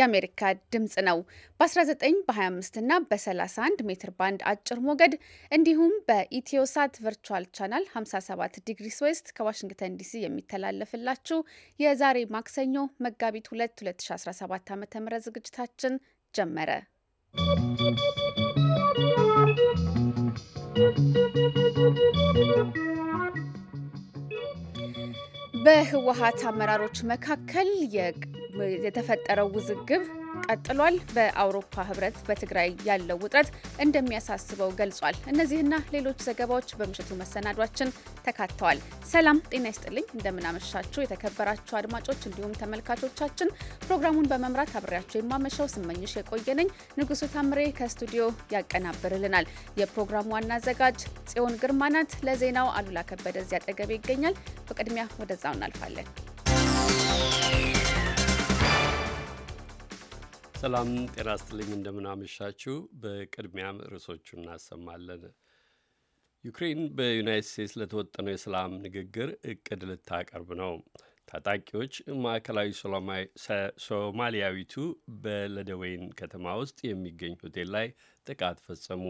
የአሜሪካ ድምፅ ነው። በ19 በ25 እና በ31 ሜትር ባንድ አጭር ሞገድ እንዲሁም በኢትዮሳት ቨርቹዋል ቻናል 57 ዲግሪስ ስዌስት ከዋሽንግተን ዲሲ የሚተላለፍላችሁ የዛሬ ማክሰኞ መጋቢት 2 2017 ዓ ም ዝግጅታችን ጀመረ። በህወሀት አመራሮች መካከል የተፈጠረው ውዝግብ ቀጥሏል። በአውሮፓ ህብረት በትግራይ ያለው ውጥረት እንደሚያሳስበው ገልጿል። እነዚህና ሌሎች ዘገባዎች በምሽቱ መሰናዷችን ተካተዋል። ሰላም ጤና ይስጥልኝ። እንደምናመሻችሁ የተከበራችሁ አድማጮች እንዲሁም ተመልካቾቻችን፣ ፕሮግራሙን በመምራት አብሬያቸው የማመሻው ስመኝሽ የቆየነኝ ንጉሱ ታምሬ ከስቱዲዮ ያቀናብርልናል። የፕሮግራሙ ዋና አዘጋጅ ጽዮን ግርማ ናት። ለዜናው አሉላ ከበደ እዚያ አጠገቤ ይገኛል። በቅድሚያ ወደዛው እናልፋለን። ሰላም ጤና ይስጥልኝ። እንደምናመሻችሁ። በቅድሚያም ርዕሶቹ እናሰማለን። ዩክሬን በዩናይት ስቴትስ ለተወጠነው የሰላም ንግግር እቅድ ልታቀርብ ነው። ታጣቂዎች ማዕከላዊ ሶማሊያዊቱ በለደወይን ከተማ ውስጥ የሚገኝ ሆቴል ላይ ጥቃት ፈጸሙ።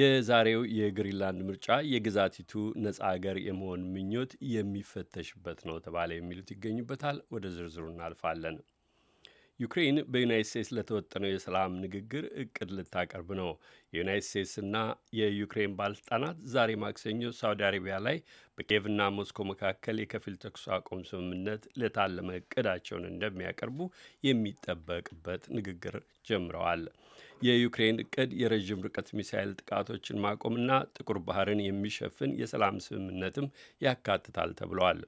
የዛሬው የግሪንላንድ ምርጫ የግዛቲቱ ነጻ አገር የመሆን ምኞት የሚፈተሽበት ነው ተባለ። የሚሉት ይገኙበታል። ወደ ዝርዝሩ እናልፋለን። ዩክሬን በዩናይት ስቴትስ ለተወጠነው የሰላም ንግግር እቅድ ልታቀርብ ነው። የዩናይት ስቴትስና የዩክሬን ባለስልጣናት ዛሬ ማክሰኞ ሳውዲ አረቢያ ላይ በኪየቭና ሞስኮ መካከል የከፊል ተኩስ አቁም ስምምነት ለታለመ እቅዳቸውን እንደሚያቀርቡ የሚጠበቅበት ንግግር ጀምረዋል። የዩክሬን እቅድ የረዥም ርቀት ሚሳይል ጥቃቶችን ማቆምና ጥቁር ባህርን የሚሸፍን የሰላም ስምምነትም ያካትታል ተብለዋል።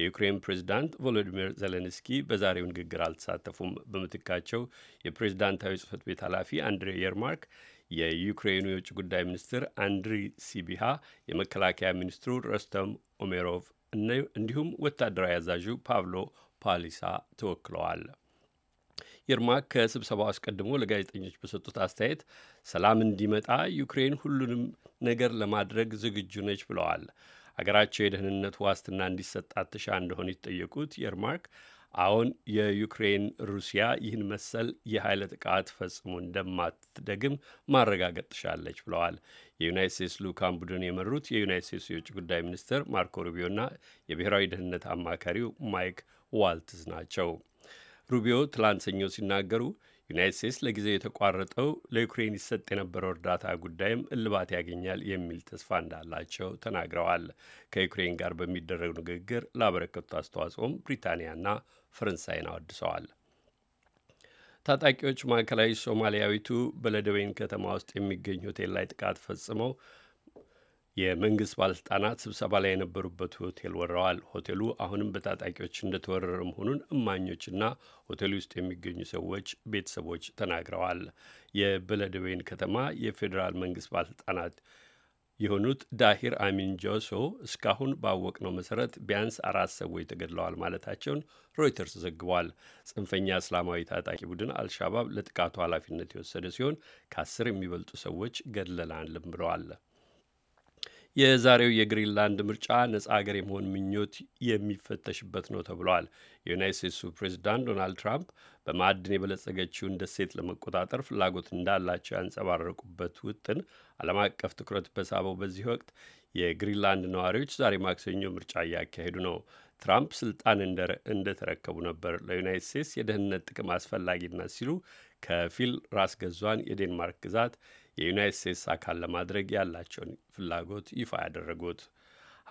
የዩክሬን ፕሬዚዳንት ቮሎዲሚር ዘሌንስኪ በዛሬው ንግግር አልተሳተፉም። በምትካቸው የፕሬዚዳንታዊ ጽህፈት ቤት ኃላፊ አንድሬ የርማርክ የዩክሬኑ የውጭ ጉዳይ ሚኒስትር አንድሪ ሲቢሃ፣ የመከላከያ ሚኒስትሩ ረስተም ኦሜሮቭ እንዲሁም ወታደራዊ አዛዡ ፓቭሎ ፓሊሳ ተወክለዋል። የርማክ ከስብሰባው አስቀድሞ ለጋዜጠኞች በሰጡት አስተያየት ሰላም እንዲመጣ ዩክሬን ሁሉንም ነገር ለማድረግ ዝግጁ ነች ብለዋል። አገራቸው የደህንነት ዋስትና እንዲሰጣት ትሻ እንደሆኑ የተጠየቁት የርማርክ አሁን የዩክሬን ሩሲያ ይህን መሰል የኃይለ ጥቃት ፈጽሞ እንደማትደግም ማረጋገጥ ትሻለች ብለዋል። የዩናይት ስቴትስ ልዑካን ቡድን የመሩት የዩናይት ስቴትስ የውጭ ጉዳይ ሚኒስትር ማርኮ ሩቢዮና የብሔራዊ ደህንነት አማካሪው ማይክ ዋልትዝ ናቸው። ሩቢዮ ትላንት ሰኞ ሲናገሩ ዩናይት ስቴትስ ለጊዜው የተቋረጠው ለዩክሬን ይሰጥ የነበረው እርዳታ ጉዳይም እልባት ያገኛል የሚል ተስፋ እንዳላቸው ተናግረዋል። ከዩክሬን ጋር በሚደረግ ንግግር ላበረከቱት አስተዋጽኦም ብሪታንያና ፈረንሳይን አወድሰዋል። ታጣቂዎች ማዕከላዊ ሶማሊያዊቱ በለደበይን ከተማ ውስጥ የሚገኝ ሆቴል ላይ ጥቃት ፈጽመው የመንግስት ባለስልጣናት ስብሰባ ላይ የነበሩበት ሆቴል ወረዋል። ሆቴሉ አሁንም በታጣቂዎች እንደተወረረ መሆኑን እማኞችና ሆቴል ውስጥ የሚገኙ ሰዎች ቤተሰቦች ተናግረዋል። የበለደዌን ከተማ የፌዴራል መንግስት ባለስልጣናት የሆኑት ዳሂር አሚን ጆሶ እስካሁን ባወቅነው መሰረት ቢያንስ አራት ሰዎች ተገድለዋል ማለታቸውን ሮይተርስ ዘግቧል። ጽንፈኛ እስላማዊ ታጣቂ ቡድን አልሻባብ ለጥቃቱ ኃላፊነት የወሰደ ሲሆን ከአስር የሚበልጡ ሰዎች ገድለናልም ብለዋል። የዛሬው የግሪንላንድ ምርጫ ነጻ ሀገር የመሆን ምኞት የሚፈተሽበት ነው ተብሏል። የዩናይት ስቴትሱ ፕሬዚዳንት ዶናልድ ትራምፕ በማዕድን የበለጸገችውን ደሴት ለመቆጣጠር ፍላጎት እንዳላቸው ያንጸባረቁበት ውጥን ዓለም አቀፍ ትኩረት በሳበው በዚህ ወቅት የግሪንላንድ ነዋሪዎች ዛሬ ማክሰኞ ምርጫ እያካሄዱ ነው። ትራምፕ ስልጣን እንደተረከቡ ነበር ለዩናይት ስቴትስ የደህንነት ጥቅም አስፈላጊነት ሲሉ ከፊል ራስ ገዟን የዴንማርክ ግዛት የዩናይት ስቴትስ አካል ለማድረግ ያላቸውን ፍላጎት ይፋ ያደረጉት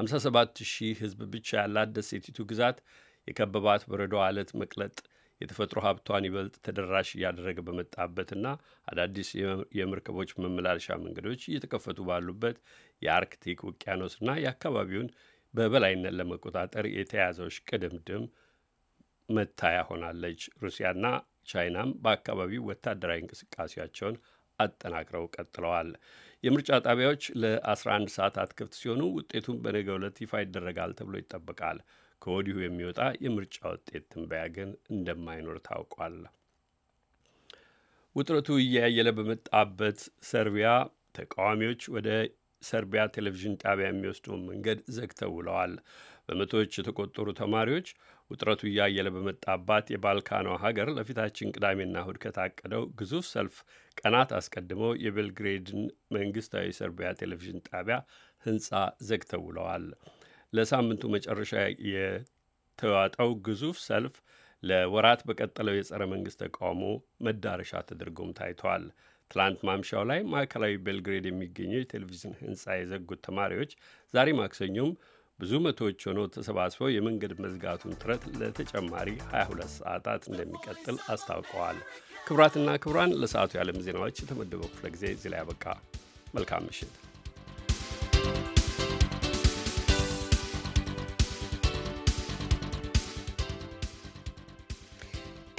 57 ሺህ ሕዝብ ብቻ ያላት ደሴቲቱ ግዛት የከበባት በረዶ አለት መቅለጥ የተፈጥሮ ሀብቷን ይበልጥ ተደራሽ እያደረገ በመጣበትና አዳዲስ የመርከቦች መመላለሻ መንገዶች እየተከፈቱ ባሉበት የአርክቲክ ውቅያኖስና የአካባቢውን በበላይነት ለመቆጣጠር የተያዘው ቅድምድም መታያ ሆናለች። ሩሲያና ቻይናም በአካባቢው ወታደራዊ እንቅስቃሴያቸውን አጠናቅረው ቀጥለዋል። የምርጫ ጣቢያዎች ለ11 ሰዓታት ክፍት ሲሆኑ ውጤቱን በነገ ዕለት ይፋ ይደረጋል ተብሎ ይጠበቃል። ከወዲሁ የሚወጣ የምርጫ ውጤት ትንበያ ግን እንደማይኖር ታውቋል። ውጥረቱ እያየለ በመጣበት ሰርቢያ ተቃዋሚዎች ወደ ሰርቢያ ቴሌቪዥን ጣቢያ የሚወስደውን መንገድ ዘግተው ውለዋል። በመቶዎች የተቆጠሩ ተማሪዎች ውጥረቱ እያየለ በመጣባት የባልካኗ ሀገር ለፊታችን ቅዳሜና እሁድ ከታቀደው ግዙፍ ሰልፍ ቀናት አስቀድመው የቤልግሬድን መንግስታዊ ሰርቢያ ቴሌቪዥን ጣቢያ ህንፃ ዘግተው ውለዋል። ለሳምንቱ መጨረሻ የተዋጠው ግዙፍ ሰልፍ ለወራት በቀጠለው የጸረ መንግስት ተቃውሞ መዳረሻ ተደርጎም ታይቷል። ትላንት ማምሻው ላይ ማዕከላዊ ቤልግሬድ የሚገኘው የቴሌቪዥን ህንፃ የዘጉት ተማሪዎች ዛሬ ማክሰኞም ብዙ መቶዎች ሆነው ተሰባስበው የመንገድ መዝጋቱን ጥረት ለተጨማሪ 22 ሰዓታት እንደሚቀጥል አስታውቀዋል። ክቡራትና ክቡራን ለሰዓቱ የዓለም ዜናዎች የተመደበው ክፍለ ጊዜ እዚህ ላይ ያበቃ። መልካም ምሽት።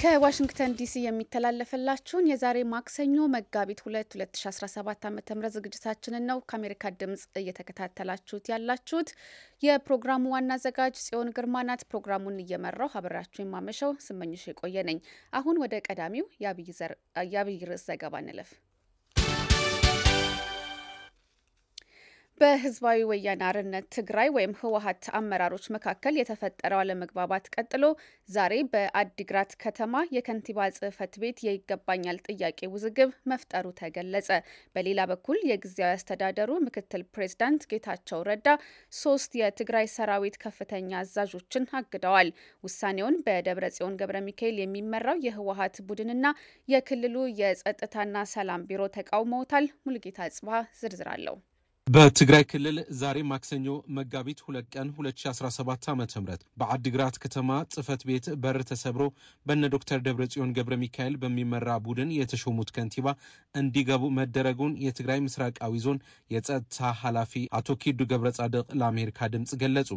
ከዋሽንግተን ዲሲ የሚተላለፈላችሁን የዛሬ ማክሰኞ መጋቢት 2 2017 ዓ ም ዝግጅታችንን ነው ከአሜሪካ ድምፅ እየተከታተላችሁት ያላችሁት። የፕሮግራሙ ዋና አዘጋጅ ጽዮን ግርማ ናት። ፕሮግራሙን እየመራው አብራችሁ የማመሸው ስመኝሽ የቆየ ነኝ። አሁን ወደ ቀዳሚው የአብይ ርዕስ ዘገባ እንለፍ። በህዝባዊ ወያነ ትግራይ ወይም ህወሀት አመራሮች መካከል የተፈጠረው አለመግባባት ቀጥሎ ዛሬ በአዲግራት ከተማ የከንቲባ ጽህፈት ቤት የይገባኛል ጥያቄ ውዝግብ መፍጠሩ ተገለጸ። በሌላ በኩል የጊዜያዊ አስተዳደሩ ምክትል ፕሬዝዳንት ጌታቸው ረዳ ሶስት የትግራይ ሰራዊት ከፍተኛ አዛዦችን አግደዋል። ውሳኔውን በደብረ ጽዮን ገብረ ሚካኤል የሚመራው የህወሀት ቡድንና የክልሉ የጸጥታና ሰላም ቢሮ ተቃውመውታል። ሙልጌታ ጽባ ዝርዝር አለው። በትግራይ ክልል ዛሬ ማክሰኞ መጋቢት ሁለት ቀን 2017 ዓ ም በአዲግራት ከተማ ጽህፈት ቤት በር ተሰብሮ በነ ዶክተር ጽዮን ገብረ ሚካኤል በሚመራ ቡድን የተሾሙት ከንቲባ እንዲገቡ መደረጉን የትግራይ ምስራቃዊ ዞን የጸጥታ ኃላፊ አቶ ኪዱ ገብረ ጻድቅ ለአሜሪካ ድምፅ ገለጹ።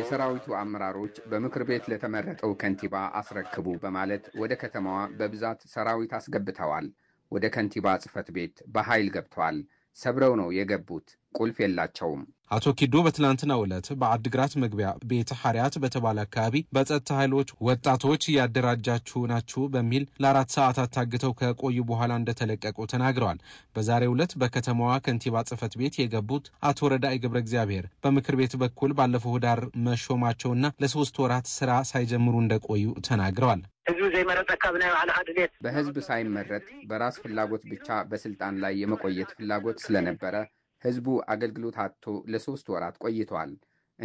የሰራዊቱ አመራሮች በምክር ቤት ለተመረጠው ከንቲባ አስረክቡ በማለት ወደ ከተማዋ በብዛት ሰራዊት አስገብተዋል። ወደ ከንቲባ ጽፈት ቤት በኃይል ገብተዋል። ሰብረው ነው የገቡት። ቁልፍ የላቸውም። አቶ ኪዶ በትላንትናው ዕለት በአድግራት መግቢያ ቤተ ሐርያት በተባለ አካባቢ በጸጥታ ኃይሎች ወጣቶች እያደራጃችሁ ናችሁ በሚል ለአራት ሰዓታት ታግተው ከቆዩ በኋላ እንደተለቀቁ ተናግረዋል። በዛሬው ዕለት በከተማዋ ከንቲባ ጽህፈት ቤት የገቡት አቶ ረዳኢ ገብረ እግዚአብሔር በምክር ቤት በኩል ባለፈው ዳር መሾማቸውና ለሶስት ወራት ስራ ሳይጀምሩ እንደቆዩ ተናግረዋል። ህዝቢ ዘይመረጠ ካብ ናይ ባዕልካ ድሌት በህዝብ ሳይመረጥ በራስ ፍላጎት ብቻ በስልጣን ላይ የመቆየት ፍላጎት ስለነበረ ህዝቡ አገልግሎት አጥቶ ለሶስት ወራት ቆይተዋል።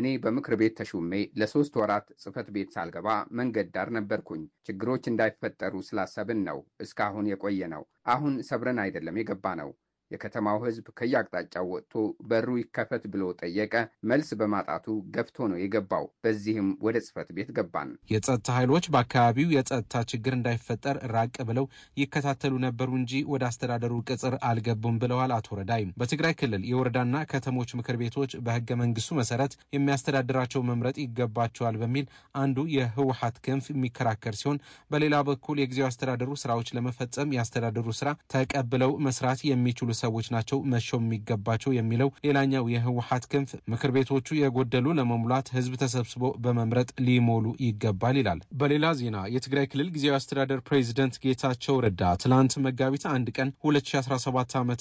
እኔ በምክር ቤት ተሹሜ ለሶስት ወራት ጽህፈት ቤት ሳልገባ መንገድ ዳር ነበርኩኝ። ችግሮች እንዳይፈጠሩ ስላሰብን ነው እስካሁን የቆየ ነው። አሁን ሰብረን አይደለም የገባ ነው። የከተማው ህዝብ ከየአቅጣጫው ወጥቶ በሩ ይከፈት ብሎ ጠየቀ። መልስ በማጣቱ ገፍቶ ነው የገባው። በዚህም ወደ ጽህፈት ቤት ገባን። የጸጥታ ኃይሎች በአካባቢው የጸጥታ ችግር እንዳይፈጠር ራቅ ብለው ይከታተሉ ነበሩ እንጂ ወደ አስተዳደሩ ቅጽር አልገቡም ብለዋል አቶ ረዳይ። በትግራይ ክልል የወረዳና ከተሞች ምክር ቤቶች በህገ መንግስቱ መሰረት የሚያስተዳድራቸው መምረጥ ይገባቸዋል በሚል አንዱ የህወሀት ክንፍ የሚከራከር ሲሆን፣ በሌላ በኩል የጊዜው አስተዳደሩ ስራዎች ለመፈጸም የአስተዳደሩ ስራ ተቀብለው መስራት የሚችሉ ሰዎች ናቸው መሾም የሚገባቸው የሚለው ሌላኛው የህወሀት ክንፍ ምክር ቤቶቹ የጎደሉ ለመሙላት ህዝብ ተሰብስቦ በመምረጥ ሊሞሉ ይገባል ይላል። በሌላ ዜና የትግራይ ክልል ጊዜያዊ አስተዳደር ፕሬዚደንት ጌታቸው ረዳ ትላንት መጋቢት አንድ ቀን 2017 ዓ ም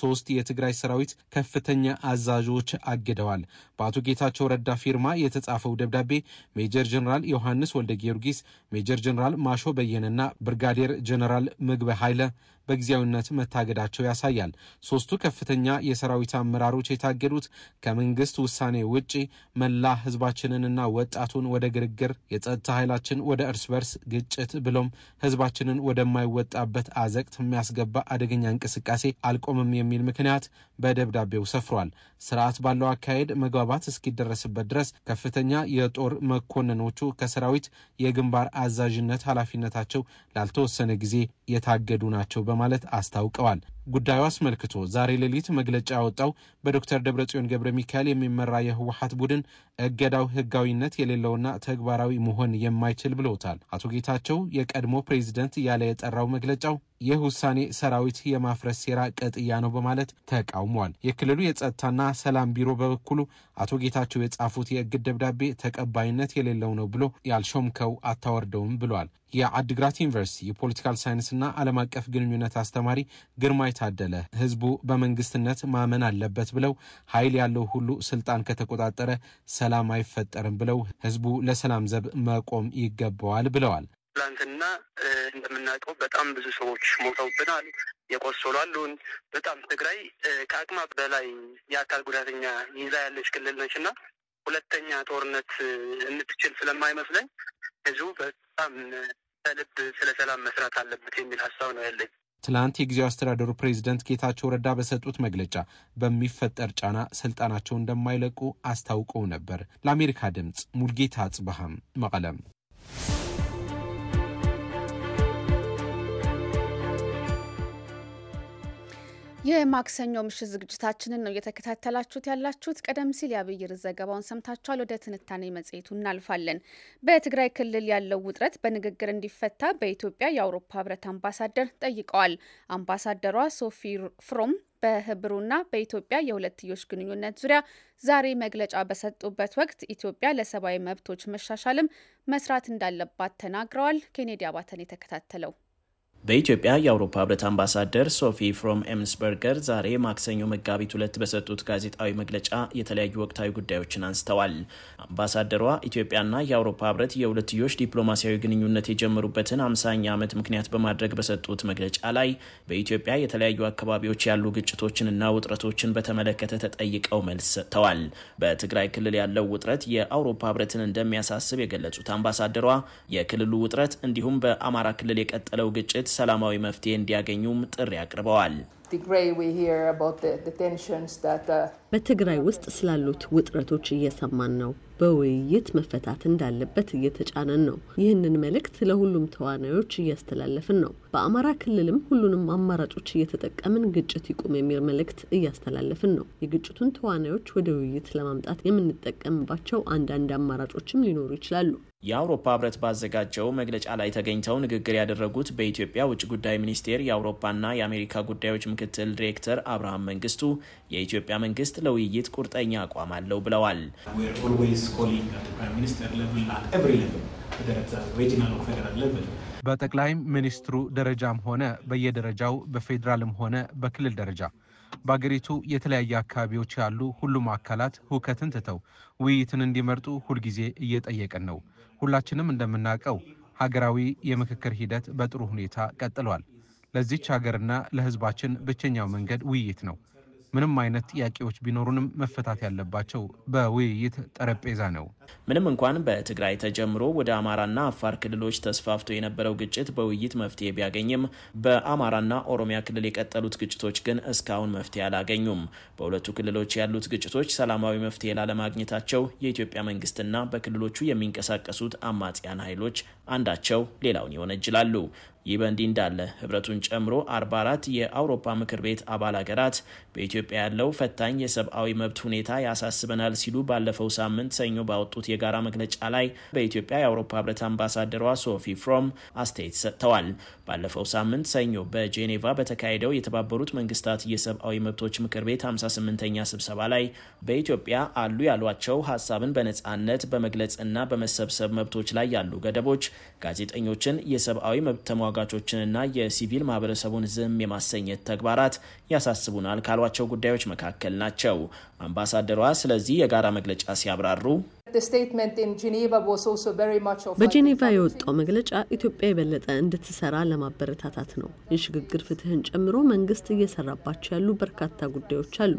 ሶስት የትግራይ ሰራዊት ከፍተኛ አዛዦች አግደዋል። በአቶ ጌታቸው ረዳ ፊርማ የተጻፈው ደብዳቤ ሜጀር ጀኔራል ዮሐንስ ወልደ ጊዮርጊስ፣ ሜጀር ጀኔራል ማሾ በየነና ብርጋዴር ጀኔራል ምግበ ኃይለ በጊዜያዊነት መታገዳቸው ያሳያል። ሶስቱ ከፍተኛ የሰራዊት አመራሮች የታገዱት ከመንግስት ውሳኔ ውጪ መላ ህዝባችንንና ወጣቱን ወደ ግርግር፣ የጸጥታ ኃይላችን ወደ እርስ በርስ ግጭት ብሎም ህዝባችንን ወደማይወጣበት አዘቅት የሚያስገባ አደገኛ እንቅስቃሴ አልቆምም የሚል ምክንያት በደብዳቤው ሰፍሯል። ስርዓት ባለው አካሄድ መግባባት እስኪደረስበት ድረስ ከፍተኛ የጦር መኮንኖቹ ከሰራዊት የግንባር አዛዥነት ኃላፊነታቸው ላልተወሰነ ጊዜ የታገዱ ናቸው በማለት ማለት አስታውቀዋል። ጉዳዩ አስመልክቶ ዛሬ ሌሊት መግለጫ ያወጣው በዶክተር ደብረጽዮን ገብረ ሚካኤል የሚመራ የህወሀት ቡድን እገዳው ህጋዊነት የሌለውና ተግባራዊ መሆን የማይችል ብሎታል። አቶ ጌታቸው የቀድሞ ፕሬዚደንት እያለ የጠራው መግለጫው ይህ ውሳኔ ሰራዊት የማፍረስ ሴራ ቀጥያ ነው በማለት ተቃውሟል። የክልሉ የጸጥታና ሰላም ቢሮ በበኩሉ አቶ ጌታቸው የጻፉት የእግድ ደብዳቤ ተቀባይነት የሌለው ነው ብሎ ያልሾምከው አታወርደውም ብሏል። የአድግራት ዩኒቨርሲቲ የፖለቲካል ሳይንስና ዓለም አቀፍ ግንኙነት አስተማሪ ግርማይ ታደለ ህዝቡ በመንግስትነት ማመን አለበት ብለው ኃይል ያለው ሁሉ ስልጣን ከተቆጣጠረ ሰላም አይፈጠርም ብለው ህዝቡ ለሰላም ዘብ መቆም ይገባዋል ብለዋል። ትላንትና እንደምናውቀው በጣም ብዙ ሰዎች ሞተውብናል። የቆሰሉ አሉን። በጣም ትግራይ ከአቅማ በላይ የአካል ጉዳተኛ ይዛ ያለች ክልል ነች እና ሁለተኛ ጦርነት እንትችል ስለማይመስለኝ ህዝቡ በጣም ከልብ ስለ ሰላም መስራት አለበት የሚል ሀሳብ ነው ያለኝ። ትላንት የጊዜው አስተዳደሩ ፕሬዚደንት ጌታቸው ረዳ በሰጡት መግለጫ በሚፈጠር ጫና ስልጣናቸው እንደማይለቁ አስታውቀው ነበር። ለአሜሪካ ድምፅ ሙልጌታ አጽብሃም መቀለም የማክሰኞ ምሽት ዝግጅታችንን ነው እየተከታተላችሁት ያላችሁት። ቀደም ሲል የአብይር ዘገባውን ሰምታችኋል። ወደ ትንታኔ መጽሔቱ እናልፋለን። በትግራይ ክልል ያለው ውጥረት በንግግር እንዲፈታ በኢትዮጵያ የአውሮፓ ሕብረት አምባሳደር ጠይቀዋል። አምባሳደሯ ሶፊ ፍሮም በህብሩና በኢትዮጵያ የሁለትዮሽ ግንኙነት ዙሪያ ዛሬ መግለጫ በሰጡበት ወቅት ኢትዮጵያ ለሰብአዊ መብቶች መሻሻልም መስራት እንዳለባት ተናግረዋል። ኬኔዲ አባተን የተከታተለው በኢትዮጵያ የአውሮፓ ህብረት አምባሳደር ሶፊ ፍሮም ኤምስበርገር ዛሬ ማክሰኞ መጋቢት ሁለት በሰጡት ጋዜጣዊ መግለጫ የተለያዩ ወቅታዊ ጉዳዮችን አንስተዋል። አምባሳደሯ ኢትዮጵያና የአውሮፓ ህብረት የሁለትዮሽ ዲፕሎማሲያዊ ግንኙነት የጀመሩበትን አምሳኛ ዓመት ምክንያት በማድረግ በሰጡት መግለጫ ላይ በኢትዮጵያ የተለያዩ አካባቢዎች ያሉ ግጭቶችንና ውጥረቶችን በተመለከተ ተጠይቀው መልስ ሰጥተዋል። በትግራይ ክልል ያለው ውጥረት የአውሮፓ ህብረትን እንደሚያሳስብ የገለጹት አምባሳደሯ የክልሉ ውጥረት እንዲሁም በአማራ ክልል የቀጠለው ግጭት ሰላማዊ መፍትሄ እንዲያገኙም ጥሪ አቅርበዋል። uh, በትግራይ ውስጥ ስላሉት ውጥረቶች እየሰማን ነው። በውይይት መፈታት እንዳለበት እየተጫነን ነው። ይህንን መልእክት ለሁሉም ተዋናዮች እያስተላለፍን ነው። በአማራ ክልልም ሁሉንም አማራጮች እየተጠቀምን ግጭት ይቁም የሚል መልእክት እያስተላለፍን ነው። የግጭቱን ተዋናዮች ወደ ውይይት ለማምጣት የምንጠቀምባቸው አንዳንድ አማራጮችም ሊኖሩ ይችላሉ። የአውሮፓ ህብረት ባዘጋጀው መግለጫ ላይ ተገኝተው ንግግር ያደረጉት በኢትዮጵያ ውጭ ጉዳይ ሚኒስቴር የአውሮፓና የአሜሪካ ጉዳዮች ምክትል ዲሬክተር አብርሃም መንግስቱ የኢትዮጵያ መንግስት ለውይይት ቁርጠኛ አቋም አለው ብለዋል። colleague at the Prime Minister level, at every level, whether at the regional or federal level. በጠቅላይ ሚኒስትሩ ደረጃም ሆነ በየደረጃው በፌዴራልም ሆነ በክልል ደረጃ በአገሪቱ የተለያዩ አካባቢዎች ያሉ ሁሉም አካላት ሁከትን ትተው ውይይትን እንዲመርጡ ሁልጊዜ እየጠየቅን ነው። ሁላችንም እንደምናውቀው ሀገራዊ የምክክር ሂደት በጥሩ ሁኔታ ቀጥሏል። ለዚች ሀገርና ለሕዝባችን ብቸኛው መንገድ ውይይት ነው። ምንም አይነት ጥያቄዎች ቢኖሩንም መፈታት ያለባቸው በውይይት ጠረጴዛ ነው። ምንም እንኳን በትግራይ ተጀምሮ ወደ አማራና አፋር ክልሎች ተስፋፍቶ የነበረው ግጭት በውይይት መፍትሄ ቢያገኝም በአማራና ኦሮሚያ ክልል የቀጠሉት ግጭቶች ግን እስካሁን መፍትሄ አላገኙም። በሁለቱ ክልሎች ያሉት ግጭቶች ሰላማዊ መፍትሄ ላለማግኘታቸው የኢትዮጵያ መንግስትና በክልሎቹ የሚንቀሳቀሱት አማጽያን ኃይሎች አንዳቸው ሌላውን ይወነጅላሉ። ይህ በእንዲህ እንዳለ ህብረቱን ጨምሮ 44 የአውሮፓ ምክር ቤት አባል ሀገራት በኢትዮጵያ ያለው ፈታኝ የሰብአዊ መብት ሁኔታ ያሳስበናል ሲሉ ባለፈው ሳምንት ሰኞ ባወጡት የጋራ መግለጫ ላይ በኢትዮጵያ የአውሮፓ ህብረት አምባሳደሯ ሶፊ ፍሮም አስተያየት ሰጥተዋል። ባለፈው ሳምንት ሰኞ በጄኔቫ በተካሄደው የተባበሩት መንግስታት የሰብአዊ መብቶች ምክር ቤት 58ኛ ስብሰባ ላይ በኢትዮጵያ አሉ ያሏቸው ሀሳብን በነጻነት በመግለጽና በመሰብሰብ መብቶች ላይ ያሉ ገደቦች፣ ጋዜጠኞችን፣ የሰብአዊ መብት ተሟጋ ተሟጋቾችንና የሲቪል ማህበረሰቡን ዝም የማሰኘት ተግባራት ያሳስቡናል ካሏቸው ጉዳዮች መካከል ናቸው። አምባሳደሯ ስለዚህ የጋራ መግለጫ ሲያብራሩ በጄኔቫ የወጣው መግለጫ ኢትዮጵያ የበለጠ እንድትሰራ ለማበረታታት ነው። የሽግግር ፍትህን ጨምሮ መንግስት እየሰራባቸው ያሉ በርካታ ጉዳዮች አሉ።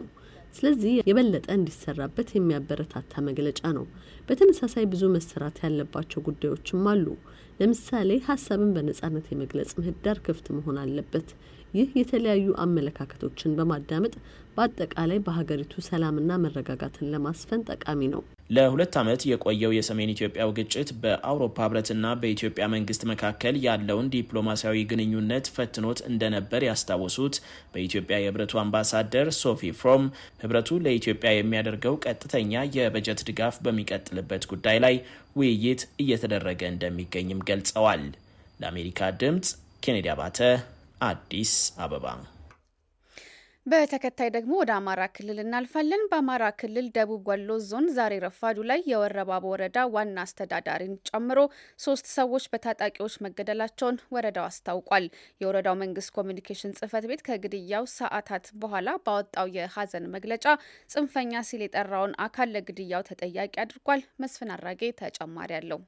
ስለዚህ የበለጠ እንዲሰራበት የሚያበረታታ መግለጫ ነው። በተመሳሳይ ብዙ መሰራት ያለባቸው ጉዳዮችም አሉ። ለምሳሌ ሀሳብን በነጻነት የመግለጽ ምህዳር ክፍት መሆን አለበት። ይህ የተለያዩ አመለካከቶችን በማዳመጥ በአጠቃላይ በሀገሪቱ ሰላምና መረጋጋትን ለማስፈን ጠቃሚ ነው። ለሁለት ዓመት የቆየው የሰሜን ኢትዮጵያው ግጭት በአውሮፓ ህብረትና በኢትዮጵያ መንግስት መካከል ያለውን ዲፕሎማሲያዊ ግንኙነት ፈትኖት እንደነበር ያስታወሱት በኢትዮጵያ የህብረቱ አምባሳደር ሶፊ ፍሮም ህብረቱ ለኢትዮጵያ የሚያደርገው ቀጥተኛ የበጀት ድጋፍ በሚቀጥልበት ጉዳይ ላይ ውይይት እየተደረገ እንደሚገኝም ገልጸዋል። ለአሜሪካ ድምፅ ኬኔዲ አባተ አዲስ አበባ። በተከታይ ደግሞ ወደ አማራ ክልል እናልፋለን። በአማራ ክልል ደቡብ ወሎ ዞን ዛሬ ረፋዱ ላይ የወረባቦ ወረዳ ዋና አስተዳዳሪን ጨምሮ ሶስት ሰዎች በታጣቂዎች መገደላቸውን ወረዳው አስታውቋል። የወረዳው መንግስት ኮሚኒኬሽን ጽህፈት ቤት ከግድያው ሰዓታት በኋላ ባወጣው የሀዘን መግለጫ ጽንፈኛ ሲል የጠራውን አካል ለግድያው ተጠያቂ አድርጓል። መስፍን አራጌ ተጨማሪ አለው።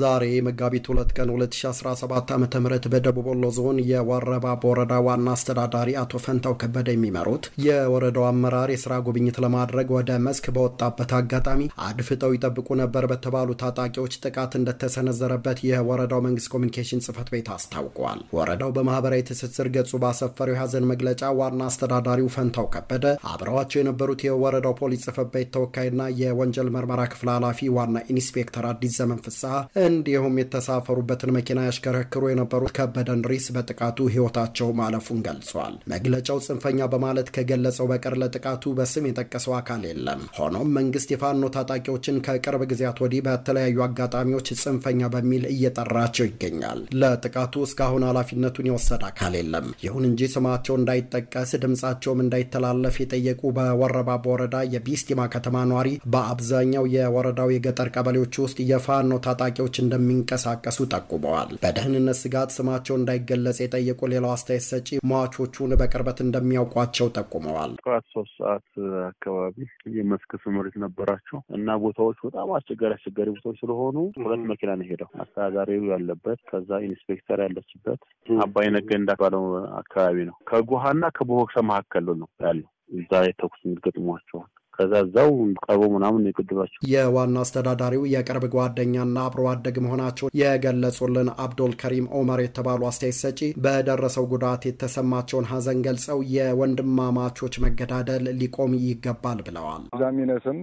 ዛሬ መጋቢት ሁለት ቀን 2017 ዓ ም በደቡብ ወሎ ዞን የወረባቦ ወረዳ ዋና አስተዳዳሪ አቶ ፈንታው ከበደ የሚመሩት የወረዳው አመራር የስራ ጉብኝት ለማድረግ ወደ መስክ በወጣበት አጋጣሚ አድፍጠው ይጠብቁ ነበር በተባሉ ታጣቂዎች ጥቃት እንደተሰነዘረበት የወረዳው መንግስት ኮሚኒኬሽን ጽህፈት ቤት አስታውቋል። ወረዳው በማህበራዊ ትስስር ገጹ ባሰፈረው የሀዘን መግለጫ ዋና አስተዳዳሪው ፈንታው ከበደ አብረዋቸው የነበሩት የወረዳው ፖሊስ ጽህፈት ቤት ተወካይና የወንጀል ምርመራ ክፍል ኃላፊ ዋና ኢንስፔክተር አዲስ ዘመን ፍስሐ እንዲሁም የተሳፈሩበትን መኪና ያሽከረክሩ የነበሩት ከበደ እንድሪስ በጥቃቱ ህይወታቸው ማለፉን ገልጿል። መግለጫው ጽንፈኛ በማለት ከገለጸው በቀር ለጥቃቱ በስም የጠቀሰው አካል የለም። ሆኖም መንግስት የፋኖ ታጣቂዎችን ከቅርብ ጊዜያት ወዲህ በተለያዩ አጋጣሚዎች ጽንፈኛ በሚል እየጠራቸው ይገኛል። ለጥቃቱ እስካሁን ኃላፊነቱን የወሰደ አካል የለም። ይሁን እንጂ ስማቸው እንዳይጠቀስ ድምፃቸውም እንዳይተላለፍ የጠየቁ በወረባቦ ወረዳ የቢስቲማ ከተማ ኗሪ በአብዛኛው የወረዳው የገጠር ቀበሌዎች ውስጥ የፋኖ ታጣቂ ታጣቂዎች እንደሚንቀሳቀሱ ጠቁመዋል። በደህንነት ስጋት ስማቸው እንዳይገለጽ የጠየቁ ሌላው አስተያየት ሰጪ ሟቾቹን በቅርበት እንደሚያውቋቸው ጠቁመዋል። ከሰዓት ሶስት ሰዓት አካባቢ የመስክ ስምሪት ነበራቸው እና ቦታዎች በጣም አስቸጋሪ አስቸጋሪ ቦታዎች ስለሆኑ ሁለት መኪና ነው ሄደው አስተዳዳሪው ያለበት ከዛ ኢንስፔክተር ያለችበት አባይ ነገ እንዳባለው አካባቢ ነው ከጉሃና ከቦሆክሰ መካከል ነው ያለው እዛ የተኩስ ገጥሟቸዋል። ከዛ እዛው ቀበው ምናምን የገደሏቸው። የዋና አስተዳዳሪው የቅርብ ጓደኛና አብሮ አደግ መሆናቸው የገለጹልን አብዶል ከሪም ኦመር የተባሉ አስተያየት ሰጪ በደረሰው ጉዳት የተሰማቸውን ሀዘን ገልጸው የወንድማማቾች መገዳደል ሊቆም ይገባል ብለዋል። ዛሚነስም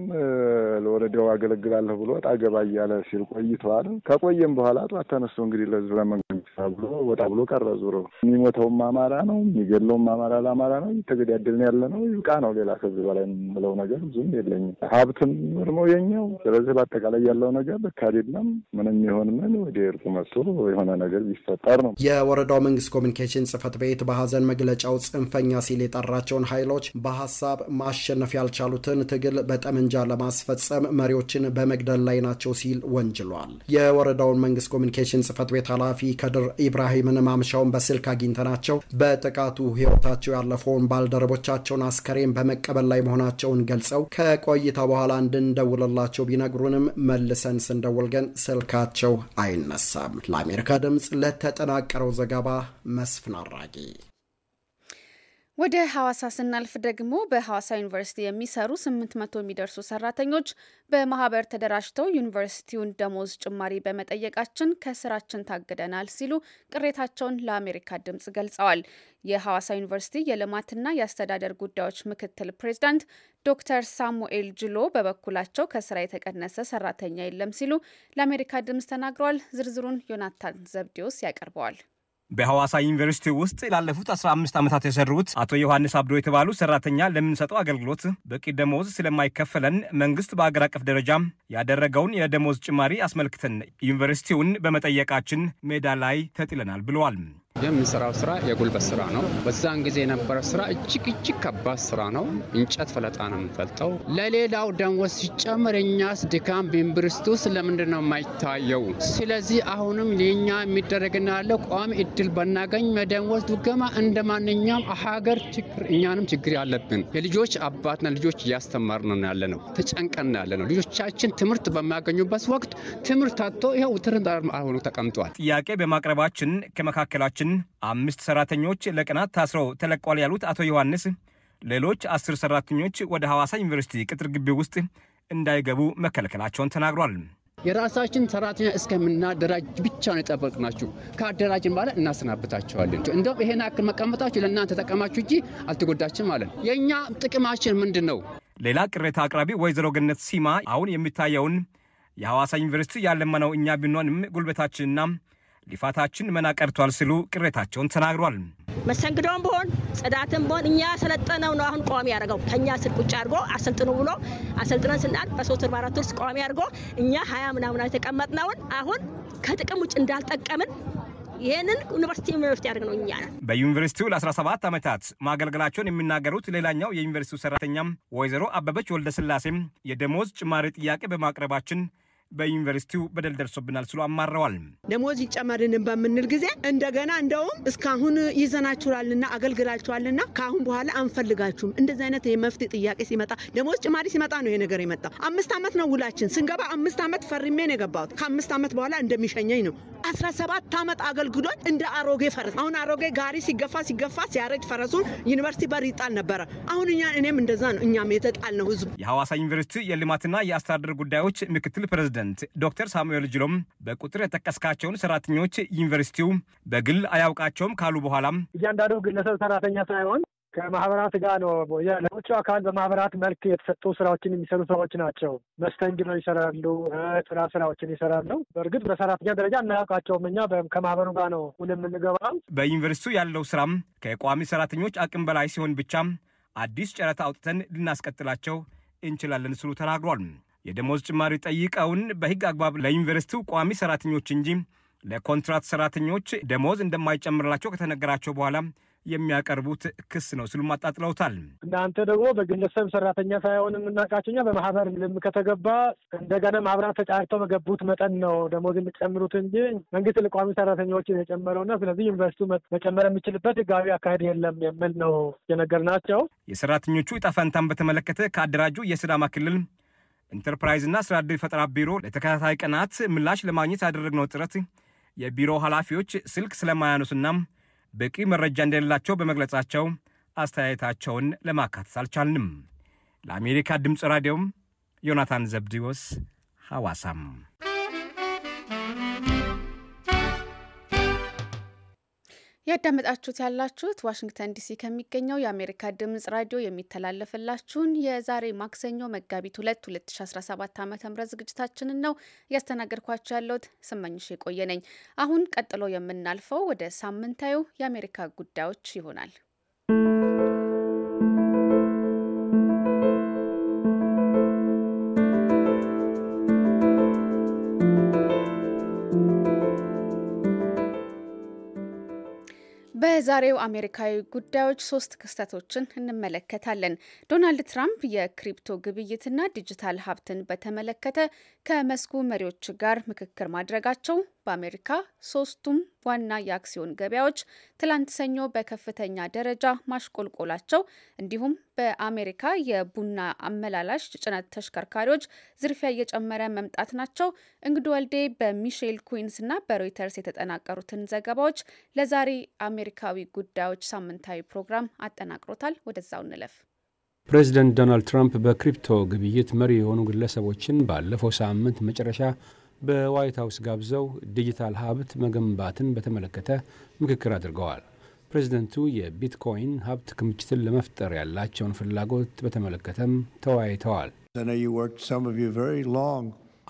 ለወረዳው አገለግላለሁ ብሎ ወጣ ገባ እያለ ሲል ቆይተዋል። ከቆየም በኋላ ጠዋት ተነስቶ እንግዲህ ለህዝብ ለመንግስት ብሎ ወጣ ብሎ ቀረ። ዙሮ የሚሞተውም አማራ ነው፣ የሚገድለውም አማራ ለአማራ ነው። እየተገዳደልን ያለ ነው። ይብቃ ነው። ሌላ ከዚህ በላይ ምለው ነገር ብዙም የለኝም። ሀብትም እርሞ የኛው። ስለዚህ በአጠቃላይ ያለው ነገር ልክ ምንም ይሆን ምን ወደ እርቁ መጥቶ የሆነ ነገር ቢፈጠር ነው። የወረዳው መንግስት ኮሚኒኬሽን ጽህፈት ቤት በሀዘን መግለጫው ጽንፈኛ ሲል የጠራቸውን ኃይሎች በሀሳብ ማሸነፍ ያልቻሉትን ትግል በጠመንጃ ለማስፈጸም መሪዎችን በመግደል ላይ ናቸው ሲል ወንጅሏል። የወረዳውን መንግስት ኮሚኒኬሽን ጽህፈት ቤት ኃላፊ ከድር ኢብራሂምን ማምሻውን በስልክ አግኝተናቸው በጥቃቱ ህይወታቸው ያለፈውን ባልደረቦቻቸውን አስከሬን በመቀበል ላይ መሆናቸውን ገልጸው ገልጸው ከቆይታ በኋላ እንድንደውልላቸው ቢነግሩንም መልሰን ስንደውል ግን ስልካቸው አይነሳም። ለአሜሪካ ድምፅ ለተጠናቀረው ዘገባ መስፍን አራጌ ወደ ሐዋሳ ስናልፍ ደግሞ በሐዋሳ ዩኒቨርሲቲ የሚሰሩ 800 የሚደርሱ ሰራተኞች በማህበር ተደራጅተው ዩኒቨርሲቲውን ደሞዝ ጭማሪ በመጠየቃችን ከስራችን ታግደናል ሲሉ ቅሬታቸውን ለአሜሪካ ድምጽ ገልጸዋል። የሐዋሳ ዩኒቨርሲቲ የልማትና የአስተዳደር ጉዳዮች ምክትል ፕሬዚዳንት ዶክተር ሳሙኤል ጅሎ በበኩላቸው ከስራ የተቀነሰ ሰራተኛ የለም ሲሉ ለአሜሪካ ድምጽ ተናግረዋል። ዝርዝሩን ዮናታን ዘብዲዮስ ያቀርበዋል። በሐዋሳ ዩኒቨርሲቲ ውስጥ ላለፉት 15 ዓመታት የሰሩት አቶ ዮሐንስ አብዶ የተባሉ ሰራተኛ ለምንሰጠው አገልግሎት በቂ ደሞዝ ስለማይከፈለን መንግስት በአገር አቀፍ ደረጃ ያደረገውን የደሞዝ ጭማሪ አስመልክተን ዩኒቨርሲቲውን በመጠየቃችን ሜዳ ላይ ተጥለናል ብለዋል። የምንሰራው ስራ የጉልበት ስራ ነው። በዛን ጊዜ የነበረ ስራ እጅግ እጅግ ከባድ ስራ ነው። እንጨት ፈለጣ ነው የምንፈልጠው። ለሌላው ደንወስ ሲጨምር እኛስ ድካም ቢንብርስቱ ስለምንድን ነው የማይታየው? ስለዚህ አሁንም ለእኛ የሚደረግና ያለው ቋሚ እድል በናገኝ ደሞዝ ድጎማ እንደ ማንኛውም ሀገር ችግር እኛንም ችግር ያለብን የልጆች አባትና ልጆች እያስተማርን ያለ ነው። ተጨንቀን ያለ ነው። ልጆቻችን ትምህርት በሚያገኙበት ወቅት ትምህርት አጥቶ ይኸው ሆኖ ተቀምጧል። ጥያቄ በማቅረባችን ከመካከላችን ግን አምስት ሰራተኞች ለቀናት ታስረው ተለቋል ያሉት አቶ ዮሐንስ ሌሎች አስር ሰራተኞች ወደ ሐዋሳ ዩኒቨርሲቲ ቅጥር ግቢ ውስጥ እንዳይገቡ መከልከላቸውን ተናግሯል። የራሳችን ሰራተኛ እስከምናደራጅ ብቻ ነው የጠበቅናችሁ። ከአደራጅን በኋላ እናሰናብታቸዋለን። እንደውም ይሄን ያክል መቀመጣችሁ ለእናንተ ተጠቀማችሁ እንጂ አልተጎዳችም አለን። የእኛ ጥቅማችን ምንድን ነው? ሌላ ቅሬታ አቅራቢ ወይዘሮ ገነት ሲማ አሁን የሚታየውን የሐዋሳ ዩኒቨርሲቲ ያለመነው እኛ ብንሆንም ጉልበታችንና ሊፋታችን መናቀርቷል ሲሉ ቅሬታቸውን ተናግሯል። መሰንግዶም ቢሆን ጽዳትም ቢሆን እኛ ሰለጠነው ነው አሁን ቋሚ ያደርገው ከእኛ ስር ቁጭ አድርጎ አሰልጥኑ ብሎ አሰልጥነን ስናል በሶስት ወር በአራት ወር ቋሚ አድርጎ እኛ ሀያ ምናምን የተቀመጥነውን አሁን ከጥቅም ውጭ እንዳልጠቀምን ይህንን ዩኒቨርሲቲ ዩኒቨርሲቲ ያደርግ ነው እኛ በዩኒቨርሲቲው ለ17 ዓመታት ማገልገላቸውን የሚናገሩት ሌላኛው የዩኒቨርሲቲው ሰራተኛም ወይዘሮ አበበች ወልደስላሴም የደሞዝ ጭማሪ ጥያቄ በማቅረባችን በዩኒቨርሲቲው በደል ደርሶብናል ሲሉ አማረዋል። ደሞዝ ይጨመርልን በምንል ጊዜ እንደገና እንደውም እስካሁን ይዘናችኋልና አገልግላችኋልና ከአሁን በኋላ አንፈልጋችሁም። እንደዚህ አይነት የመፍትሄ ጥያቄ ሲመጣ ደሞዝ ጭማሪ ሲመጣ ነው ይሄ ነገር የመጣው። አምስት ዓመት ነው ውላችን። ስንገባ አምስት ዓመት ፈርሜ ነው የገባሁት። ከአምስት ዓመት በኋላ እንደሚሸኘኝ ነው። አስራ ሰባት ዓመት አገልግሎት እንደ አሮጌ ፈረስ። አሁን አሮጌ ጋሪ ሲገፋ ሲገፋ ሲያረጅ ፈረሱን ዩኒቨርሲቲ በር ይጣል ነበረ። አሁን እኛ እኔም እንደዛ ነው። እኛም የተጣል ነው ህዝቡ። የሐዋሳ ዩኒቨርሲቲ የልማትና የአስተዳደር ጉዳዮች ምክትል ፕሬዚደንት ፕሬዚደንት ዶክተር ሳሙኤል ጅሎም በቁጥር የጠቀስካቸውን ሰራተኞች ዩኒቨርሲቲው በግል አያውቃቸውም ካሉ በኋላም እያንዳንዱ ግለሰብ ሰራተኛ ሳይሆን ከማህበራት ጋር ነው ለውጭ አካል በማህበራት መልክ የተሰጡ ስራዎችን የሚሰሩ ሰዎች ናቸው። መስተንግዶ ይሰራሉ፣ ጥላ ስራዎችን ይሰራሉ። በእርግጥ በሰራተኛ ደረጃ እናያውቃቸውም። እኛ ከማህበሩ ጋር ነው ሁን የምንገባው። በዩኒቨርሲቲው ያለው ስራም ከቋሚ ሰራተኞች አቅም በላይ ሲሆን ብቻ አዲስ ጨረታ አውጥተን ልናስቀጥላቸው እንችላለን ስሉ ተናግሯል። የደሞዝ ጭማሪ ጠይቀውን በሕግ አግባብ ለዩኒቨርስቲው ቋሚ ሰራተኞች እንጂ ለኮንትራት ሰራተኞች ደሞዝ እንደማይጨምርላቸው ከተነገራቸው በኋላ የሚያቀርቡት ክስ ነው ሲሉም አጣጥለውታል። እናንተ ደግሞ በግለሰብ ሰራተኛ ሳይሆን የምናውቃቸው እኛ በማህበር ከተገባ እንደገና ማህበራት ተጫርተው በገቡት መጠን ነው ደሞዝ የሚጨምሩት እንጂ መንግስት ለቋሚ ሰራተኞችን የጨመረውና ስለዚህ ዩኒቨርስቲ መጨመር የሚችልበት ህጋዊ አካሄድ የለም የሚል ነው የነገርናቸው። የሰራተኞቹ ዕጣ ፈንታን በተመለከተ ከአደራጁ የስዳማ ክልል ኢንተርፕራይዝና ስራ ዕድል ፈጠራ ቢሮ ለተከታታይ ቀናት ምላሽ ለማግኘት ያደረግነው ጥረት የቢሮ ኃላፊዎች ስልክ ስለማያነሱና በቂ መረጃ እንደሌላቸው በመግለጻቸው አስተያየታቸውን ለማካተት አልቻልንም። ለአሜሪካ ድምፅ ራዲዮም ዮናታን ዘብዲዎስ ሐዋሳም ያዳመጣችሁት ያላችሁት ዋሽንግተን ዲሲ ከሚገኘው የአሜሪካ ድምጽ ራዲዮ የሚተላለፍላችሁን የዛሬ ማክሰኞ መጋቢት 2 2017 ዓ ም ዝግጅታችንን ነው። እያስተናገድኳችሁ ያለሁት ስመኝሽ የቆየ ነኝ። አሁን ቀጥሎ የምናልፈው ወደ ሳምንታዩ የአሜሪካ ጉዳዮች ይሆናል። በዛሬው አሜሪካዊ ጉዳዮች ሶስት ክስተቶችን እንመለከታለን። ዶናልድ ትራምፕ የክሪፕቶ ግብይትና ዲጂታል ሀብትን በተመለከተ ከመስኩ መሪዎች ጋር ምክክር ማድረጋቸው በአሜሪካ ሶስቱም ዋና የአክሲዮን ገበያዎች ትላንት ሰኞ በከፍተኛ ደረጃ ማሽቆልቆላቸው እንዲሁም በአሜሪካ የቡና አመላላሽ ጭነት ተሽከርካሪዎች ዝርፊያ እየጨመረ መምጣት ናቸው። እንግዱ ወልዴ በሚሼል ኩዊንስ እና በሮይተርስ የተጠናቀሩትን ዘገባዎች ለዛሬ አሜሪካዊ ጉዳዮች ሳምንታዊ ፕሮግራም አጠናቅሮታል። ወደዛው እንለፍ። ፕሬዚደንት ዶናልድ ትራምፕ በክሪፕቶ ግብይት መሪ የሆኑ ግለሰቦችን ባለፈው ሳምንት መጨረሻ በዋይት ሀውስ ጋብዘው ዲጂታል ሀብት መገንባትን በተመለከተ ምክክር አድርገዋል። ፕሬዚደንቱ የቢትኮይን ሀብት ክምችትን ለመፍጠር ያላቸውን ፍላጎት በተመለከተም ተወያይተዋል።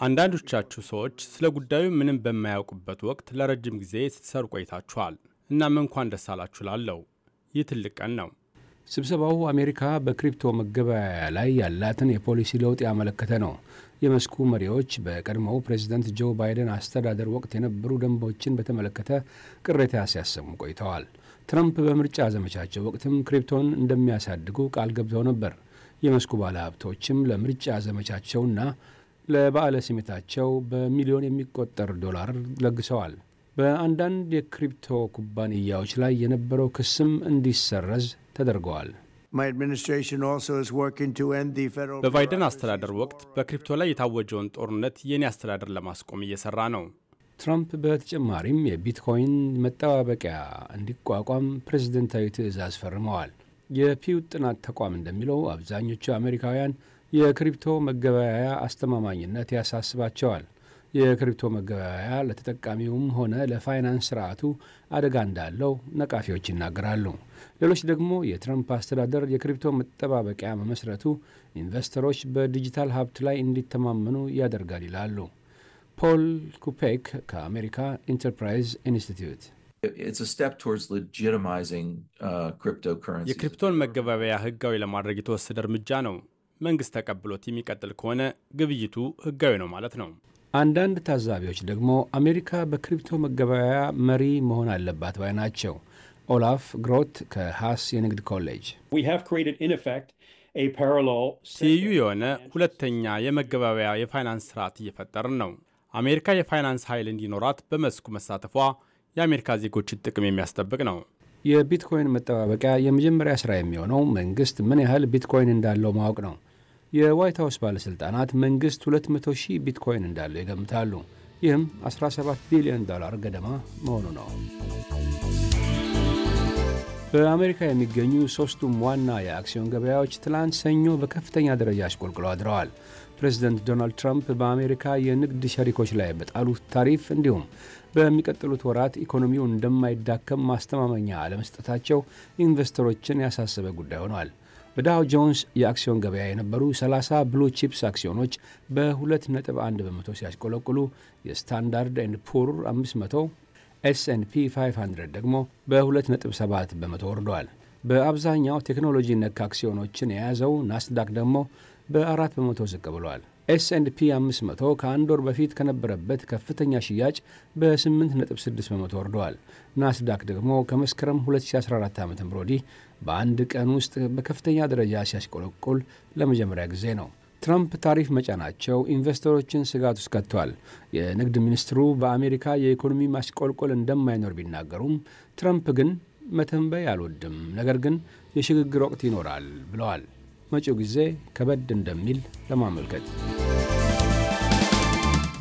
አንዳንዶቻችሁ ሰዎች ስለ ጉዳዩ ምንም በማያውቁበት ወቅት ለረጅም ጊዜ ስትሰሩ ቆይታችኋል። እናም እንኳን ደስ አላችሁ ላለው ይህ ትልቅ ቀን ነው። ስብሰባው አሜሪካ በክሪፕቶ መገበያያ ላይ ያላትን የፖሊሲ ለውጥ ያመለከተ ነው። የመስኩ መሪዎች በቀድሞው ፕሬዚደንት ጆ ባይደን አስተዳደር ወቅት የነበሩ ደንቦችን በተመለከተ ቅሬታ ሲያሰሙ ቆይተዋል። ትራምፕ በምርጫ ዘመቻቸው ወቅትም ክሪፕቶን እንደሚያሳድጉ ቃል ገብተው ነበር። የመስኩ ባለሀብቶችም ለምርጫ ዘመቻቸውና ለበዓለ ሲመታቸው በሚሊዮን የሚቆጠር ዶላር ለግሰዋል። በአንዳንድ የክሪፕቶ ኩባንያዎች ላይ የነበረው ክስም እንዲሰረዝ ተደርገዋል። በባይደን አስተዳደር ወቅት በክሪፕቶ ላይ የታወጀውን ጦርነት የኔ አስተዳደር ለማስቆም እየሰራ ነው። ትራምፕ በተጨማሪም የቢትኮይን መጠባበቂያ እንዲቋቋም ፕሬዝደንታዊ ትዕዛዝ ፈርመዋል። የፒው ጥናት ተቋም እንደሚለው አብዛኞቹ አሜሪካውያን የክሪፕቶ መገበያያ አስተማማኝነት ያሳስባቸዋል። የክሪፕቶ መገበያያ ለተጠቃሚውም ሆነ ለፋይናንስ ስርዓቱ አደጋ እንዳለው ነቃፊዎች ይናገራሉ። ሌሎች ደግሞ የትራምፕ አስተዳደር የክሪፕቶ መጠባበቂያ መመስረቱ ኢንቨስተሮች በዲጂታል ሀብት ላይ እንዲተማመኑ ያደርጋል ይላሉ። ፖል ኩፔክ ከአሜሪካ ኢንተርፕራይዝ ኢንስቲትዩት uh, የክሪፕቶን መገባበያ ህጋዊ ለማድረግ የተወሰደ እርምጃ ነው። መንግስት ተቀብሎት የሚቀጥል ከሆነ ግብይቱ ህጋዊ ነው ማለት ነው። አንዳንድ ታዛቢዎች ደግሞ አሜሪካ በክሪፕቶ መገበያያ መሪ መሆን አለባት ባይ ናቸው። ኦላፍ ግሮት ከሃስ የንግድ ኮሌጅ ትይዩ የሆነ ሁለተኛ የመገባበያ የፋይናንስ ስርዓት እየፈጠርን ነው። አሜሪካ የፋይናንስ ኃይል እንዲኖራት በመስኩ መሳተፏ የአሜሪካ ዜጎችን ጥቅም የሚያስጠብቅ ነው። የቢትኮይን መጠባበቂያ የመጀመሪያ ስራ የሚሆነው መንግስት ምን ያህል ቢትኮይን እንዳለው ማወቅ ነው። የዋይት ሀውስ ባለሥልጣናት መንግሥት 200 ሺህ ቢትኮይን እንዳለው ይገምታሉ። ይህም 17 ቢሊዮን ዶላር ገደማ መሆኑ ነው። በአሜሪካ የሚገኙ ሦስቱም ዋና የአክሲዮን ገበያዎች ትላንት ሰኞ በከፍተኛ ደረጃ አሽቆልቁለው አድረዋል። ፕሬዚደንት ዶናልድ ትራምፕ በአሜሪካ የንግድ ሸሪኮች ላይ በጣሉት ታሪፍ እንዲሁም በሚቀጥሉት ወራት ኢኮኖሚው እንደማይዳከም ማስተማመኛ አለመስጠታቸው ኢንቨስተሮችን ያሳሰበ ጉዳይ ሆኗል። በዳው ጆንስ የአክሲዮን ገበያ የነበሩ 30 ብሉ ቺፕስ አክሲዮኖች በ2.1 በመቶ ሲያሽቆለቁሉ የስታንዳርድ ኤንድ ፑር 500 ኤስኤንፒ 500 ደግሞ በ2.7 በመቶ ወርደዋል። በአብዛኛው ቴክኖሎጂ ነክ አክሲዮኖችን የያዘው ናስዳክ ደግሞ በ4 በመቶ ዝቅ ብለዋል። ኤስኤንፒ 500 ከአንድ ወር በፊት ከነበረበት ከፍተኛ ሽያጭ በ8.6 በመቶ ወርደዋል። ናስዳክ ደግሞ ከመስከረም 2014 ዓ ም ወዲህ በአንድ ቀን ውስጥ በከፍተኛ ደረጃ ሲያሽቆለቁል ለመጀመሪያ ጊዜ ነው። ትራምፕ ታሪፍ መጫናቸው ኢንቨስተሮችን ስጋት ውስጥ ከጥቷል። የንግድ ሚኒስትሩ በአሜሪካ የኢኮኖሚ ማሽቆልቆል እንደማይኖር ቢናገሩም ትራምፕ ግን መተንበይ አልወድም፣ ነገር ግን የሽግግር ወቅት ይኖራል ብለዋል። መጪው ጊዜ ከበድ እንደሚል ለማመልከት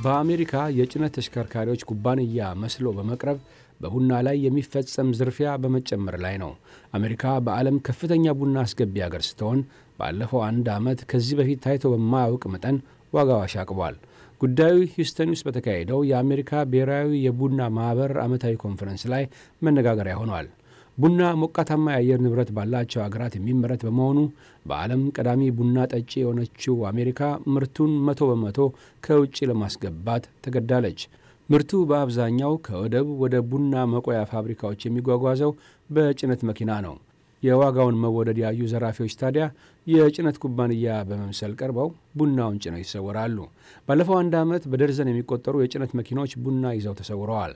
በአሜሪካ የጭነት ተሽከርካሪዎች ኩባንያ መስሎ በመቅረብ በቡና ላይ የሚፈጸም ዝርፊያ በመጨመር ላይ ነው። አሜሪካ በዓለም ከፍተኛ ቡና አስገቢ አገር ስትሆን ባለፈው አንድ ዓመት ከዚህ በፊት ታይቶ በማያውቅ መጠን ዋጋው አሻቅቧል። ጉዳዩ ሂውስተን ውስጥ በተካሄደው የአሜሪካ ብሔራዊ የቡና ማኅበር ዓመታዊ ኮንፈረንስ ላይ መነጋገሪያ ሆኗል። ቡና ሞቃታማ የአየር ንብረት ባላቸው አገራት የሚመረት በመሆኑ በዓለም ቀዳሚ ቡና ጠጪ የሆነችው አሜሪካ ምርቱን መቶ በመቶ ከውጭ ለማስገባት ተገዳለች። ምርቱ በአብዛኛው ከወደብ ወደ ቡና መቆያ ፋብሪካዎች የሚጓጓዘው በጭነት መኪና ነው። የዋጋውን መወደድ ያዩ ዘራፊዎች ታዲያ የጭነት ኩባንያ በመምሰል ቀርበው ቡናውን ጭነው ይሰወራሉ። ባለፈው አንድ ዓመት በደርዘን የሚቆጠሩ የጭነት መኪናዎች ቡና ይዘው ተሰውረዋል።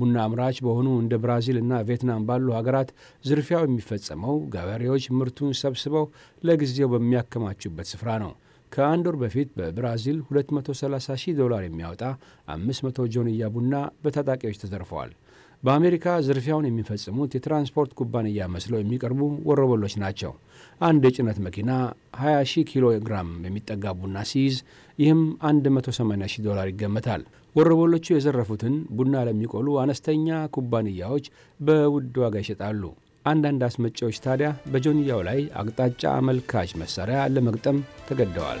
ቡና አምራች በሆኑ እንደ ብራዚል እና ቪየትናም ባሉ ሀገራት ዝርፊያው የሚፈጸመው ገበሬዎች ምርቱን ሰብስበው ለጊዜው በሚያከማቹበት ስፍራ ነው። ከአንድ ወር በፊት በብራዚል 230 ሺህ ዶላር የሚያወጣ 500 ጆንያ ቡና በታጣቂዎች ተዘርፈዋል። በአሜሪካ ዝርፊያውን የሚፈጽሙት የትራንስፖርት ኩባንያ መስለው የሚቀርቡ ወሮበሎች ናቸው። አንድ የጭነት መኪና 20 ሺህ ኪሎ ግራም የሚጠጋ ቡና ሲይዝ ይህም 180 ሺህ ዶላር ይገመታል። ወሮበሎቹ የዘረፉትን ቡና ለሚቆሉ አነስተኛ ኩባንያዎች በውድ ዋጋ ይሸጣሉ። አንዳንድ አስመጪዎች ታዲያ በጆንያው ላይ አቅጣጫ አመልካች መሳሪያ ለመግጠም ተገደዋል።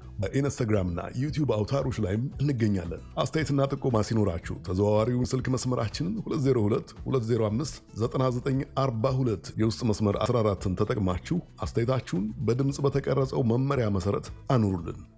በኢንስታግራምና ዩቲዩብ አውታሮች ላይም እንገኛለን። አስተያየትና ጥቆማ ሲኖራችሁ ተዘዋዋሪውን ስልክ መስመራችንን 2022059942 የውስጥ መስመር 14ን ተጠቅማችሁ አስተያየታችሁን በድምፅ በተቀረጸው መመሪያ መሰረት አኑሩልን።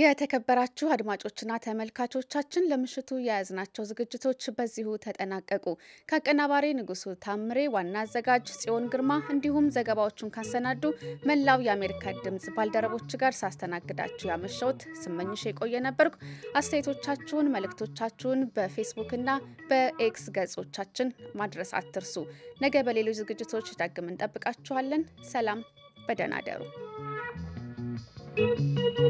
የተከበራችሁ አድማጮችና ተመልካቾቻችን ለምሽቱ የያዝናቸው ዝግጅቶች በዚሁ ተጠናቀቁ። ከአቀናባሪ ንጉሱ ታምሬ፣ ዋና አዘጋጅ ጽዮን ግርማ እንዲሁም ዘገባዎቹን ካሰናዱ መላው የአሜሪካ ድምፅ ባልደረቦች ጋር ሳስተናግዳችሁ ያመሸውት ስመኝሽ የቆየ ነበርኩ። አስተያየቶቻችሁን፣ መልእክቶቻችሁን በፌስቡክና በኤክስ ገጾቻችን ማድረስ አትርሱ። ነገ በሌሎች ዝግጅቶች ዳግም እንጠብቃችኋለን። ሰላም፣ በደህና ደሩ።